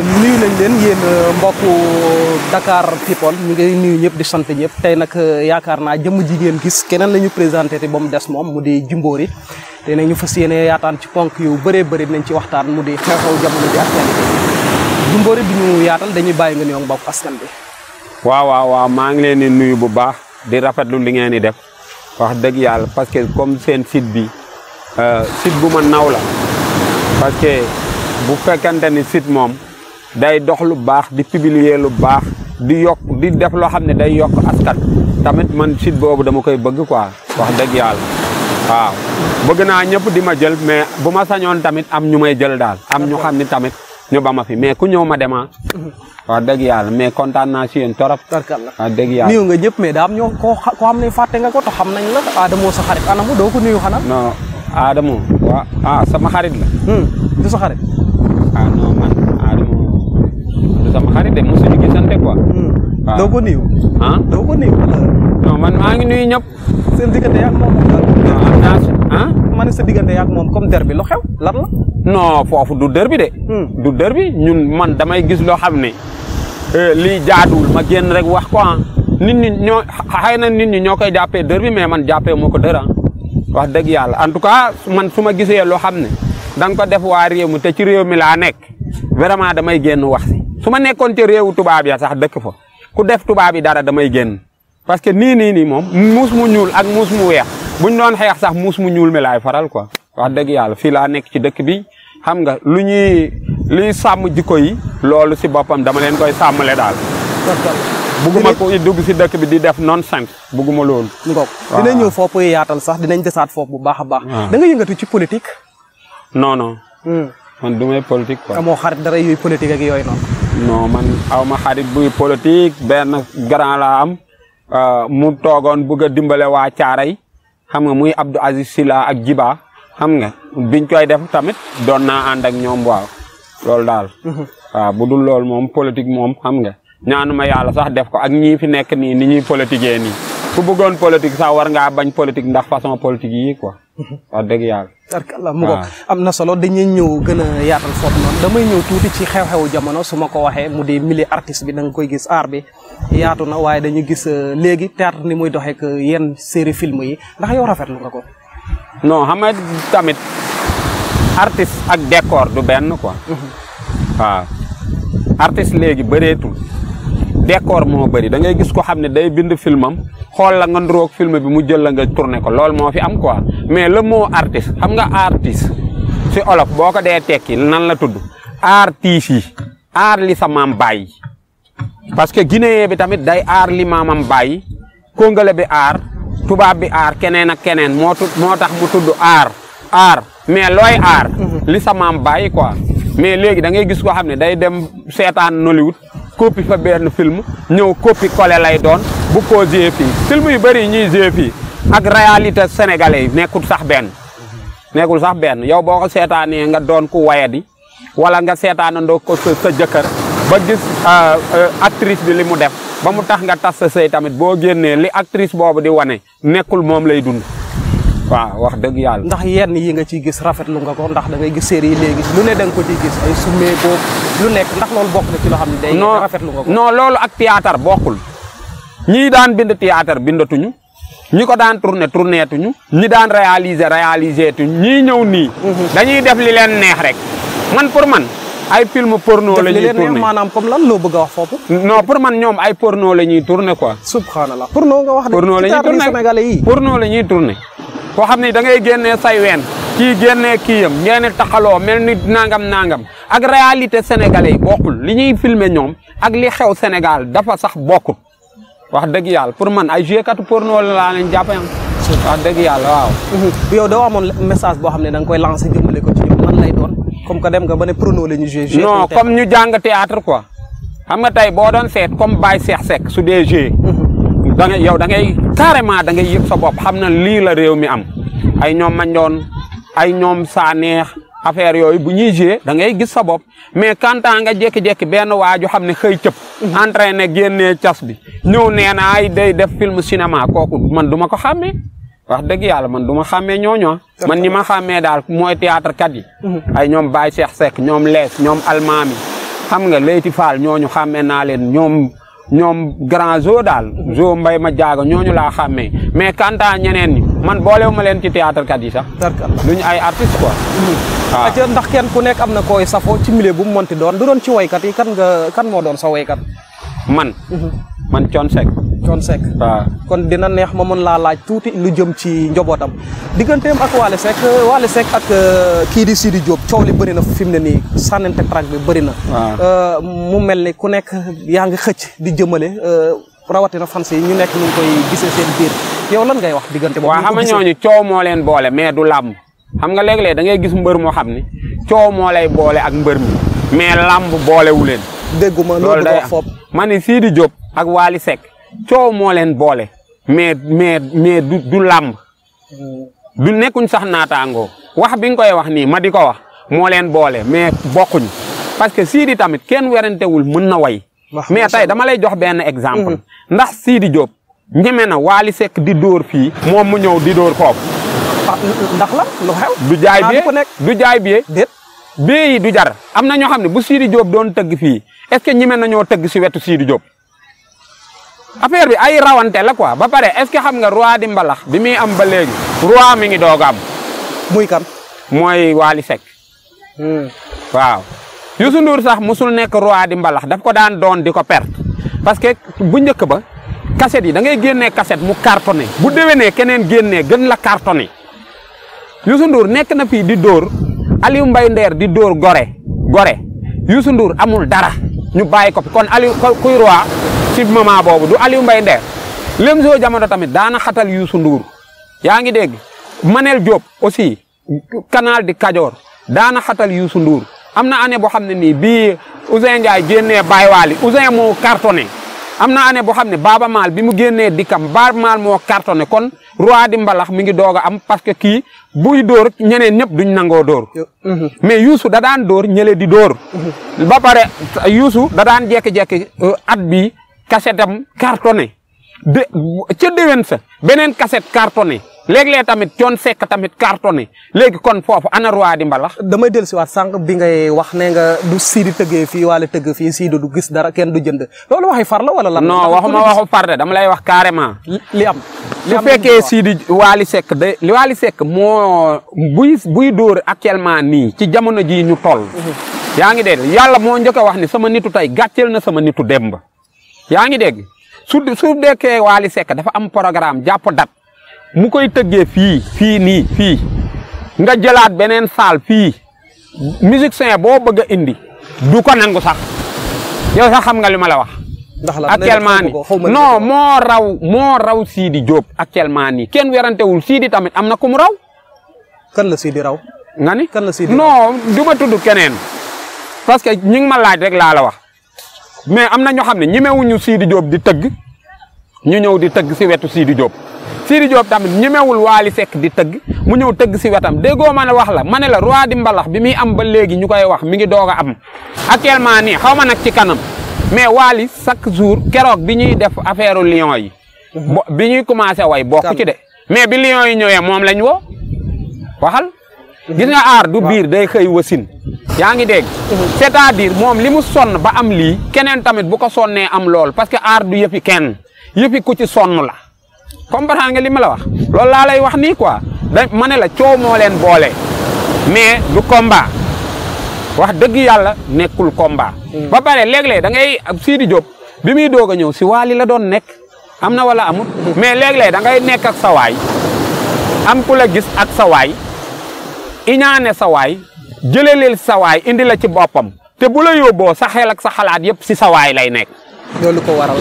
nuyu nañ leen yéen euh, mbokku Dakar People ñu ngi nuyu ñëpp di sant ñëpp tey nag euh, yaakaar naa jëmm jigéen gis keneen lañu ñu présenté te ba mu des moom mu di Jimbori te nag ñu fas yéene yaataan ci ponk yu bëree bëri nañ ci waxtaan mu di xew-xew jamono ji ak Jimbori bi ñu dañuy bàyyi nga nuyoog askan bi. waaw waaw maa ngi leen di nuyu bu baax di rafetlu li ngeen di def wax dëgg yàlla parce que comme seen site bi euh, sit bu ma naw la bu fekkante ni site moom. day dox lu baax di publier lu baax di yokk di def loo xam ne day yokk askan tamit man site boobu dama koy bëgg quoi wax dëgg yàlla waaw bëgg naa ñëpp di ma jël mais bu ma sañoon tamit am ñu may jël daal am ñu xam ni tamit ñu ba ma fi mais ku ñëw ma demaa ah. wax dëgg yàlla mais kontaan naa si yéen torop wax dëgg yàlla nuyu nga ñëpp mais daa am ñoo ko xam ne fàtte nga ko to xam nañ la Adamo sa xarit anamu doo ko nuyu xanaa non Adamo ah, sama xarit la hmm, du sa xarit ah, sama xarit de mosuñu gisante quoi. waaw doo ko nuyu. ah doo ko nuyu. non man maa ngi nuyu ñëpp. seen diggante yaak moom ah ma ne sa diggante yaak moom comme derbi lu xew la. no foofu du derbi de. Hmm. du derbi ñun man damay gis loo xam ne euh, li jaaduwul ma génn rek wax ko ah nit ñi ñoo xëy na nit ñi ñoo koy jàppee derbi mais man jàppee moo ko dër wax dëgg yàlla en tout man su ma gisee loo xam ne da nga ko def waa réew mu te ci réew mi laa nekk vraiment damay génn wax si su ma nekkoon ci tubaab ya sax dëkk fa ku def tubaab yi dara damay génn parce que nii nii nii moom muus mu ñuul ak muus mu weex buñ doon xeex sax muus mu ñuul mi faral ko wax dëgg yàlla fii laa nekk ci dëkk bi xam nga lu ñuy luy sàmm jikko yi loolu si boppam dama leen koy sàmmale daal. bugguma ko dugg si dëkk bi di def non sens bugguma loolu. ngoog dinañ ñëw foofu yaatal sax dinañ desaat foofu bu baax a baax. da nga yëngatu ci politique. non non. Hmm. man du may politique quoi. amoo xarit dara yooyu politique ak yooyu noonu. non man aw xarit buy politique benn grand la am euh, mu toogoon bëgg a dimbale waa Caaray xam nga muy Abdou Aziz Sila ak Jiba xam nga biñ koy def tamit doon naa ànd ak ñoom waaw loolu daal. Mhm. waaw bu dul lool moom politique moom xam nga ñaanuma yàlla sax def ko ak ñii fi nekk nii ni ñuy politiquer nii ku bëggoon politique sax war nga bañ politique ndax façon politique yi ko wax dëgg yàlla. tarkalla ah. am na solo dañuy ñëw gën a yaatal foofu noonu damay ñëw tuuti ci xew-xewu jamono su ma ko waxee mu di milieu artiste bi danga koy gis art bi yaatu na waaye dañuy gis euh, léegi théâtre ni muy doxe ak euh, yenn série film yi ndax yow lu nga ko. non xam tamit artiste ak décor du benn quoi. waaw mhm. ah. léegi bëreetul. décor moo bëri da gis ko xam ne day bind filmam xool la nga nduroog film bi mu jël la nga tourné ko lool moo fi am mais le mot artiste xam nga artiste si olof boo ko dee tekki nan la tudd artiste yi aar li sa maam parce que guinéen bi tamit day aar li maamam bàyyi kongole bi aar tubaab bi aar keneen ak keneen moo moo tax mu tudd aar aar mais looy aar mhm. li sa maam bàyyi quoi mais léegi gis ko xam ne day dem seetaan Nollywood copie fa benn film ñëw copie collé lay doon bu ko joué fii film yu bëri ñuy joué fii ak réalité sénégalais yi nekkul sax benn nekkul sax benn yow boo ko seetaanee nga doon ku wayadi wala nga seetaanandoo ko sa jëkkër ba gis euh, euh, actrice bi li mu def ba mu tax nga tas sa sëy tamit boo génnee li actrice boobu di wane nekkul moom lay dund waaw wax dëgg yàlla. ndax yenn yi nga ciy gis rafetlu nga ko ndax da ngay gis série yi léegi lu ne da nga ko ciy gis ay sumee boobu lu nekk ndax lool bokk na ci loo xam ne. day rafetlu nga ko non loolu ak théâtre bokkul. ñii daan bind théâtre bindatuñu. ñi ko daan tourné tourné tuñu. ñi daan réaliser réaliser tuñ ñii ñëw nii. Mhm. dañuy def li leen neex rek. man pour man ay film porno la ñuy tourné maanaam comme lan lo bëgg a wax foofu. non pour man ñoom ay porno la ñuy tourné quoi. subhanallah porno nga wax de. porno la ñuy la ñuy tourné. koo xam ni da ngay génnee say ween kii génnee kiiyam ngeen di taxaloo mel ni nangam nangam ak réalité sénégalais yi bokkul li ñuy filmer ñoom ak li xew Sénégal dafa sax bokkut wax dëgg yàlla pour man ay joué katu porno noo laa leen jàpp wax dëgg yàlla waaw. Mhm. yow doo amoon message boo xam ne da nga koy lancé jëmale ko ci ñoom man lay doon comme que dem nga ba ne porno la ñu joué. non comme ñu jàng théâtre quoi xam nga tey boo doon seet comme Baye Cheikh Seck su dee joué da ngay yow da ngay carrément da ngay yëg sa bopp xam na lii réew mi am ay ñoom mandoon ay ñoom saa neex affaire yooyu bu ñuy joué da gis sa bopp mais quand nga jékki-jékki benn waaju xam ne xëy cëp entraîné génnee cas bi ñëw nee na ay day def film cinéma kooku man du ma ko xàmmee wax dëgg yàlla man du ma xàmmee ñooñoo ah. man ñi ma xàmmee daal mooy théâtre kat yi mhm. ay ñoom Baye Cheikh Seck ñoom lees ñoom almaami xam nga Leyti Fall ñooñu xàmmee naa leen ñoom ñoom grand zoo daal zoo mbay ma jaaga ñooñu laa xàmmee mais kanta ñeneen ñi man boolewu ma leen ci théâtre kat yi sax duñu ay artiste quoi waaw mhm. ah. aca ndax kenn ku nekk am na koy safo ci milieu bu mu mënti doon du doon ci woykat yi kan nga kan moo doon sa woykat man mhm. man Thione Seck Thione Seck kon dina neex ma mën laa laaj tuuti lu jëm ci njobootam digganteem ak Wally Seck Wally Seck ak euh, kii di Sidi Diop coow li bëri na fi mu ne nii sànnante track bi bëri na euh, mu mel ni ku nekk yaa ngi xëcc di jëmale euh, rawatina fans yi ñu nekk ñu koy gisee seen biir yow lan ngay wax diggante boobu waaw xam nga ñooñu coow moo leen boole mais du làmb xam nga léeg-léeg da ngay gis mbër moo xam ne coow moo lay boole ak mbër mi mais làmb boolewu leen dégguma loolu day wax ak Wally Seck coow moo leen boole mais mais mais du du làmb du nekkuñ sax naataangoo wax bi nga koy wax nii ma di ko wax moo leen boole mais bokkuñ parce que Sidi tamit kenn werantewul mën na way mais tey dama lay jox benn exemple mhm. ndax siidi Diop ñeme na Waly sekk di dóor fii moom mu ñëw di door foofu ah, ndax la lu xew du jaay bie du jaay bie déet du jar am na ñoo xam ne bu Sidi Diop doon tëgg fii est ce que na ñoo tëgg si wetu Sidi Diop affaire bi ay rawante la quoi ba pare est-ce xam nga roi di mbalax bi muy am ba léegi roi mi ngi doog am muy kam mooy waali Seck hmm. waaw Youssou Ndour sax musul nekk roi di mbalax daf ko daan doon di ko perte parce que bu njëkk ba kaset yi da ngay génnee cassette mu cartonné bu déwénee keneen génnee gën la cartonné Youssou nekk na fii di dóor Aliou Mbaye Nder di dóor gore gore Youssou amul dara ñu bàyyi ko kon Aliou kuy roi ma moment boobu du Aliou Mbaye Nder Lemzo jamono tamit daana xatal Youssou Ndour yaa ngi dégg Manel Diop aussi kanaal di Kajoor daana xatal Youssou Ndour am na année boo xam ne nii bii Ousseyn Ndiaye génnee Baywaali Ousseyn moo cartonné am na année boo xam ne Baaba Maal bi mu génnee dikkam Baaba Maal moo cartonné kon roi di mbalax mi ngi doog a am parce que kii buy door ñeneen ñëpp duñ nangoo dóor. Mhm. mais Youssou da daan dóor di door mhm. ba pare Youssou da daan jékki euh, at bi cassette am cartonné de ca déwén sa beneen cassette cartonné léeg-léeg tamit coon sekk tamit cartonné léegi kon foofu ana roi di mbalax. damay dellusiwaat sànq bi ngay wax ne nga du siidi tëggee fii wala tëgg fii siidi du gis dara kenn du jënd loolu waxi far la wala lan. wax waxuma waxu far de dama lay wax carrément. li am su fekkee siidi waali sekk de li waali sekk moo buy buy dóor actuellement nii ci jamono jii ñu toll. Mm-hmm. yaa ngi dégg yàlla moo njëkk wax ni sama nitu tey gàcceel na sama nitu demb. yaa ngi dégg su su dekkee waali Seck dafa am programme jàpp dat mu koy tëggee fii fii nii fii nga jëlaat beneen saal fii musicien boo bëgg a indi du ko nangu sax yow sax xam nga li ma la wax actuellement ni noo moo raw moo raw Sidi Diop actuellement nii kenn werantewul Sidi tamit am na ku mu raw kan la Sidi raw nga ni kan la Sidi non du keneen parce que ñi ngi ma laaj rek laa la wax mais am na ñoo xam ne ñemewuñu Sidi Diop di tëgg ñu ñëw di tëgg si wetu Sidi Diop Sidi Diop tamit ñemewul Waly Seck di tëgg mu ñëw tëgg si wetam déggoo ma ne wax la ma ne la roi di mbalax bi muy am ba léegi ñu koy wax mi ngi doog a am actuellement nii xaw ma nag ci kanam mais Waly chaque jour keroog bi ñuy def affaire Lions yi. bi ñuy commencé way boo bokku ci de. mais bi Lions yi ñëwee moom lañ woo waxal. gis nga aar du biir day xëy wasin yaa ngi dégg mhm. c'est-à-dire moom li mu sonn ba am lii keneen tamit bu ko sonnee am lool parce que aar du yëfi kenn yëfi ku ci sonn la comprendre nga li ma la wax loolu laa lay wax nii quoi da ma ne la coow moo leen boole mais du combat wax dëgg yàlla nekkul combat mhm. ba pare legle léeg da ngay Sidi Diop bi muy doog a ñëw si waali la doon nekk am na wala amul mhm. mais léeg-léeg da ngay nekk ak sawaay am ku la gis ak sawaay iñaane sawaay waay jëleleel sawaay indi la ci boppam te bu la yóbboo sa xel ak sa xalaat yëpp si sawaay lay nekk. loolu ko waral.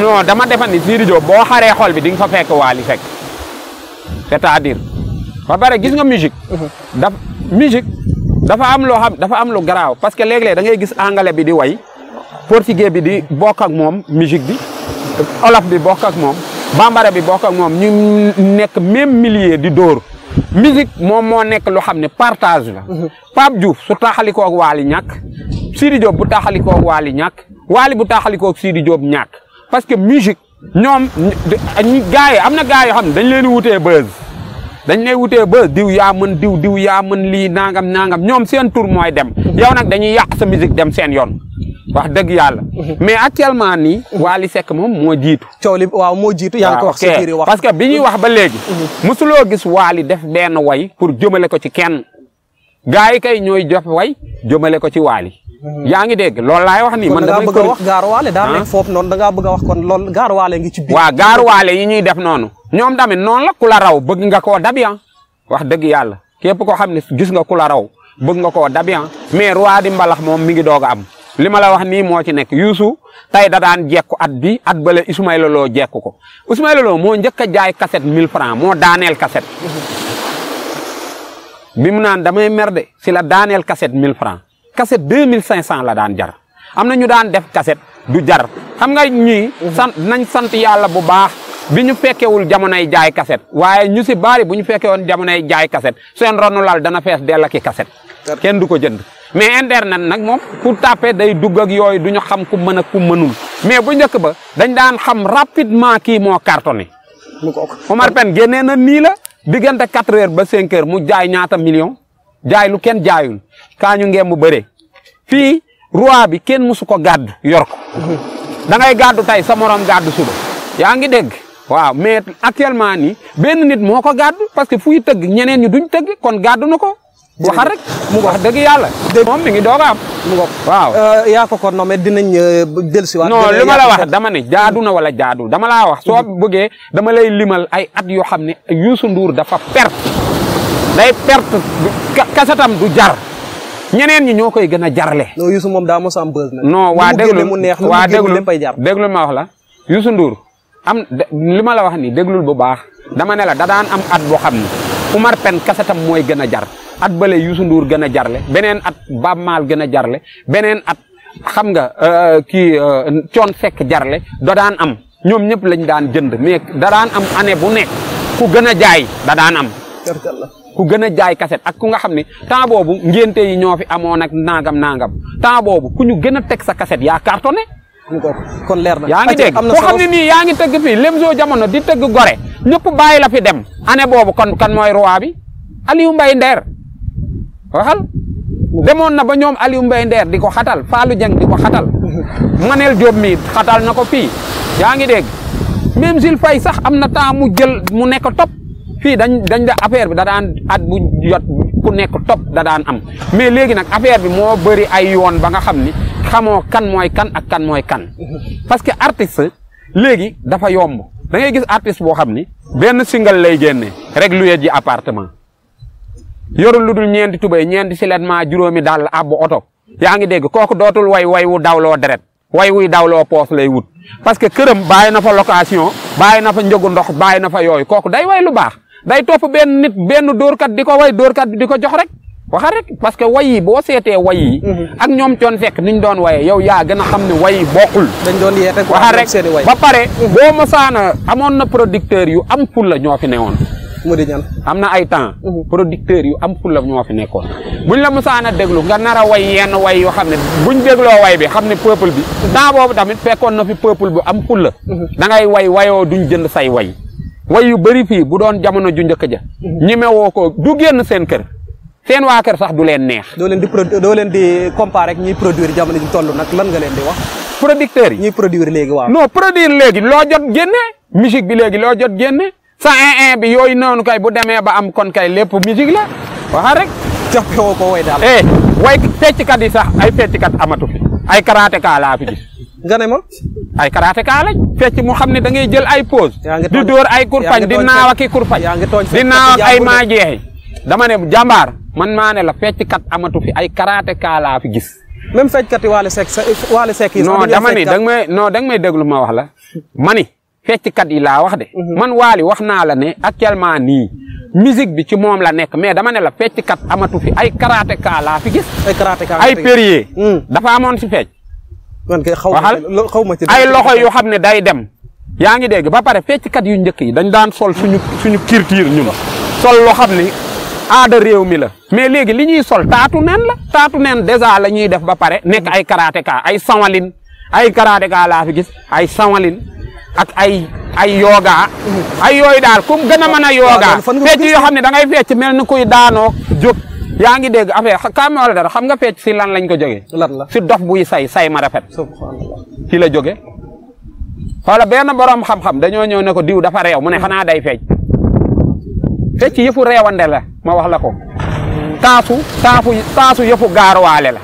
non dama defa ni Sidy boo xaree xol bi di nga fa fekk Wally Seck c'est-à-dire ba gis nga musique. Mhm. dafa dafa am loo dafa am lu garaaw parce que léeg-léeg da ngay gis anglais bi di way portugais bi di bokk ak moom musique bi olof bi bokk ak moom bambara bi bokk ak moom ñu nekk même millier di dóor. musique moom moo nekk loo xam ne partage la. Mhm. Pape Diouf su taxalikoo ak Waly ñàkk. Sidi Diop bu taxalikoo ak Waly ñàkk. Waly bu taxalikoo ak Sidi Diop ñàkk parce que musique ñoom ñu gars yi am na gars yoo xam ne dañ leen wutee buzz dañ lay wutee buzz diw yaa mën diw diw yaa mën lii nangam nangam ñoom seen tur mooy dem. Mhm. yow nag dañuy yàq sa musique dem seen yoon. wax dëgg yàlla. Mhm. mais actuellement nii. Mhm. Wally sekk moom moo jiitu. coow li waaw moo jiitu yaa ngi parce que bi ñuy wax ba léegi. mosuloo mhm. gis Wally def benn way pour jëmale ko ci kenn. gaa yi kay ñooy jof way jëmale ko ci Wally. yaa ngi dégg loolu laay wax nii. man damay bëgg a wax daa nekk ah. noonu da bëgg wax kon loolu gaaru waale ngi ci biir. waaw waale yi ñuy def noonu. ñoom tamit noonu la ku la raw bëgg nga koo dabi ah. wax dëgg yàlla képp koo xam ne gis nga ku la raw bëgg nga koo dabi ah. mais roi di mbalax moom mi ngi doog a am li ma la wax nii moo ci nekk Youssou tey da daan jekku at bi at bële Ismaïla Lo jekku ko Ismaïla Lo moo njëkk a jaay cassette 1000 francs moo daaneel cassette bi mu naan damay merde si la daaneel cassette 1000 francs cassette 2500 la daan jar am na ñu daan def kaset du jar xam nga ñii. sant nañ sant yàlla bu baax bi ñu fekkewul jamonoy jaay cassette waaye ñu si baari bu ñu fekke woon jamonoy jaay cassette seen ronu lal dana fees dell ak i cassette kenn du ko jënd. mais internet nag moom ku tapé day dugg ak yooyu du ñu xam ku mën a ku mënul mais bu njëkk ba dañ daan xam rapidement kii moo cartonné. mu ko Omar Pène génnee na nii la diggante quatre heures ba cinq mu jaay ñaata million jaay lu kenn jaayul kaañu ñu ngeen mu bëree fii roi bi kenn musu ko gàdd yor ko. da ngay gàddu tey sa morom gàddu suba yaa ngi dégg. waaw mais actuellement nii benn nit moo ko gàddu parce que fuy tëgg ñeneen ñi duñ tëgg kon gàddu na ko. waxal rek mu wax dëgg yàlla. moom mi ngi doog a am. waaw. Euh, yaa ko ko dinañ euh, dellusiwaat. non li ma la wax dama ne jaadu na wala jaadu dama laa wax soo mhm. bëggee dama lay limal ay at yoo xam ne Youssou nduur dafa perte day perte kasatam du jar. ñeneen ñi ñoo koy gën a jarle. non Youssou moom daa mos a am buzz waa déglu mu neex waa déglu déglu ma wax la Youssou nduur am li ma la wax nii déglul bu baax dama ne la dadaan am at boo xam ne Umar Pen kasatam mooy gën a jar. at bële Youssou Ndour gën a jarle beneen at Baaba Maal gën a jarle beneen at xam nga euh, kii coon euh, sekk jarle da am ñoom ñëpp lañ daan jënd mais da am année bu nek ku gën a jaay dadaan am ku gën a jaay kaset ak ku nga xam ne temps boobu ngénte yi ñoo fi amoon ak nangam nangam temps boobu ku ñu gën a teg sa kaset yaa cartonné kon leer na yaa ngi dégg koo xam ne nii yaa ngi tëgg fii Lemzo jamono di tëgg gore ñëpp bàyyi la fi dem année boobu kan mooy roi bi Aliou Mbaye waxal demoon na ba ñoom Aliou Mbaye Ndeer di ko xatal Fallou Dieng di ko xatal Manel Diop mi xatal na ko fii yaa ngi dégg même Jules Faye sax am na taamu mu jël mu nekk topp fii dañ dañ da affaire bi da daan at bu jot ku nekk topp da daan am mais léegi nag affaire bi moo bëri ay yoon ba nga xam ni xamoo kan mooy kan ak kan mooy kan parce que artiste léegi dafa yomb da ngay gis artiste boo xam ni benn single lay génne rek luye ji appartement yorul lu dul ñeenti tubay ñeenti silet maa juróomi daal abbu oto yaa ngi dégg kooku dootul way way wu dawloo deret way wuy dawloo poos lay wut parce que këram bàyyi na fa location bàyyi na fa njëgu ndox bàyyi na fa yooyu kooku day way lu baax day topp benn nit benn dóorkat di ko way dóorkat bi di ko jox rek waxa rek parce que way boo seetee way mhm. ak ñoom coon fekk niñ doon waye yow yaa gën a xam ne way yi bokkul dañ doon yeete waxa rek ba pare boo mosaana amoon na producteur yu am ful la ñoo fi newoon am na ay temps mhm. producteurs yu am fulla ñoo fi nekkoon buñ la musaan a déglu nga nar a way yenn way yoo xam ne buñ dégloo way bi xam ne peuple bi temps boobu tamit fekkoon na fi peuple bu am fulla mhm. da ngay way wayoo duñ jënd say way way yu bëri fii bu doon jamono ju njëkk ja mhm. woo ko du génn seen kër seen waa kër sax du leen neex doo leen di doo leen di comparé ak ñuy produire jamono ji nag lan nga leen di wax producteurs yi ñuy produire léegi waaw non loo jot génne musique bi léegi loo jot génne sa un bi yooyu noonu kay bu demee ba am kon kay lépp musique la waxa rek. jàppee woo ko way daal. eh yi sax ay fecckat amatu fi ay karateka laa fi nga ne ma. ay karateka lañ. fecc mu xam ne da ngay jël ay pause. di dóor ay kurpañ di naaw ak i kurpañ. di naaw ak ay maajeexi. dama ne jàmbaar man maa ne la fecckat amatu fi ay karateka laa fi gis. même fecckat yi waale sekk sa waale sekk yi. non dama ne danga may non danga may déglu ma wax la mani fecckat yi laa wax de. Mhm. man Waly wax naa la ne actuellement nii musique bi ci moom la nekk mais dama ne la fecckat amatu fi ay karatéka laa fi gis. ay karatéka hmm. dafa amoon si fecc. man kay xaw ma ci ay loxo yoo xam ne day dem. yaa ngi dégg ba pare fecckat yu njëkk yi dañ daan sol suñu suñu ñu ñun. sol loo xam ne aada réew mi la. mais léegi li ñuy sol taatu neen la. taatu nen dèjà la ñuy def ba pare nekk ay karatéka ay sawalin ay karatéka laa fi gis ay sawalin. ak ay ay yooga ay yooyu daal kum gën a mën a yooga fecc yoo xam ne da ngay fecc mel ni kuy daanoo jóg yaa ngi dégg affaire kaam wala dara xam nga fecc si lan lañ ko jógee si dof buy say say ma rafet ci la joge xoola benn borom xam-xam dañoo ñëw ne ko diw dafa réew mu ne xanaa day fecc fecc yëfu reewande la ma wax la ko taasu taasu taasu yëfu gaaruwaale la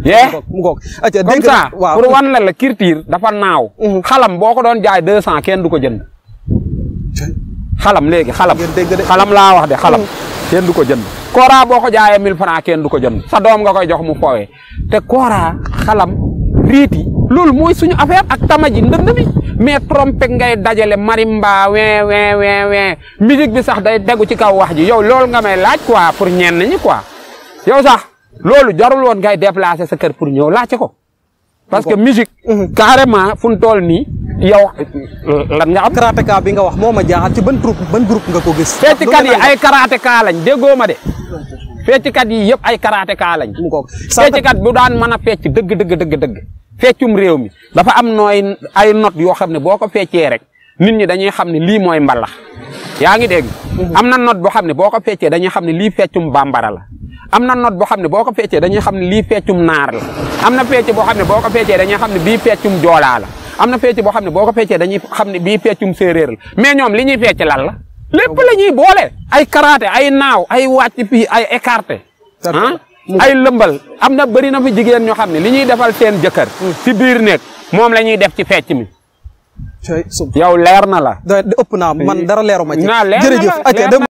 mu ngoog aca comme ça pour wan la la culture dafa naaw mm-hmm. xalam boo ko doon jaay deux cent kenn du ko jënd xalam léegi xalam xalam laa wax de xalam mm-hmm. kenn du ko jënd kooraa boo ko jaayee mille francs kenn du ko jënd sa doom nga koy jox mu fowee te kooraa xalam riiti loolu mooy suñu affaire ak tamaji ndënd bi mais trompé ngay dajale marimba wee wee wee wee musique bi sax day degu ci kaw wax ji yow loolu nga may laaj quoi pour ñenn ñi quoi yow sax loolu jarul woon ngay déplacer sa kër pour ñëw laajte ko. parce que musique mhm. carrément fu mu tool nii yow euh, lan nga xam. karatéka bi nga wax moo ma jaaxal ci ban ban groupe nga ko gis. fecckat yi ay karatéka lañ déggoo de. fecckat yi yëpp ay karatéka lañ. fecckat bu daan mën a fecc dëgg dëgg dëgg dëgg. feccum réew mi dafa am nooy ay note yoo xam ne boo ko feccee rek nit ñi dañuy xam ne lii mooy mbalax yaa ngi dégg. Mhm. am na not boo xam ne boo ko feccee dañuy xam ne lii feccum bambara la. am na note boo xam ne boo ko feccee dañuy xam ne lii feccum naar la am na fecc boo xam ne boo ko feccee dañuy xam ne bii feccum joolaa la am na fecc boo xam ne boo ko feccee dañuy xam ne bii feccum séeréer la mais ñoom li ñuy fecc lan la lépp la ñuy boole ay karaté ay naaw ay wàcc fii ay écarté ah ay lëmbal am na bari na fi jigéen ñoo xam ne li ñuy defal seen jëkkër hmm. ci biir nekk moom la ñuy def ci fecc mi yow leer na la ëpp naa man dara leeruma ci jërëjëf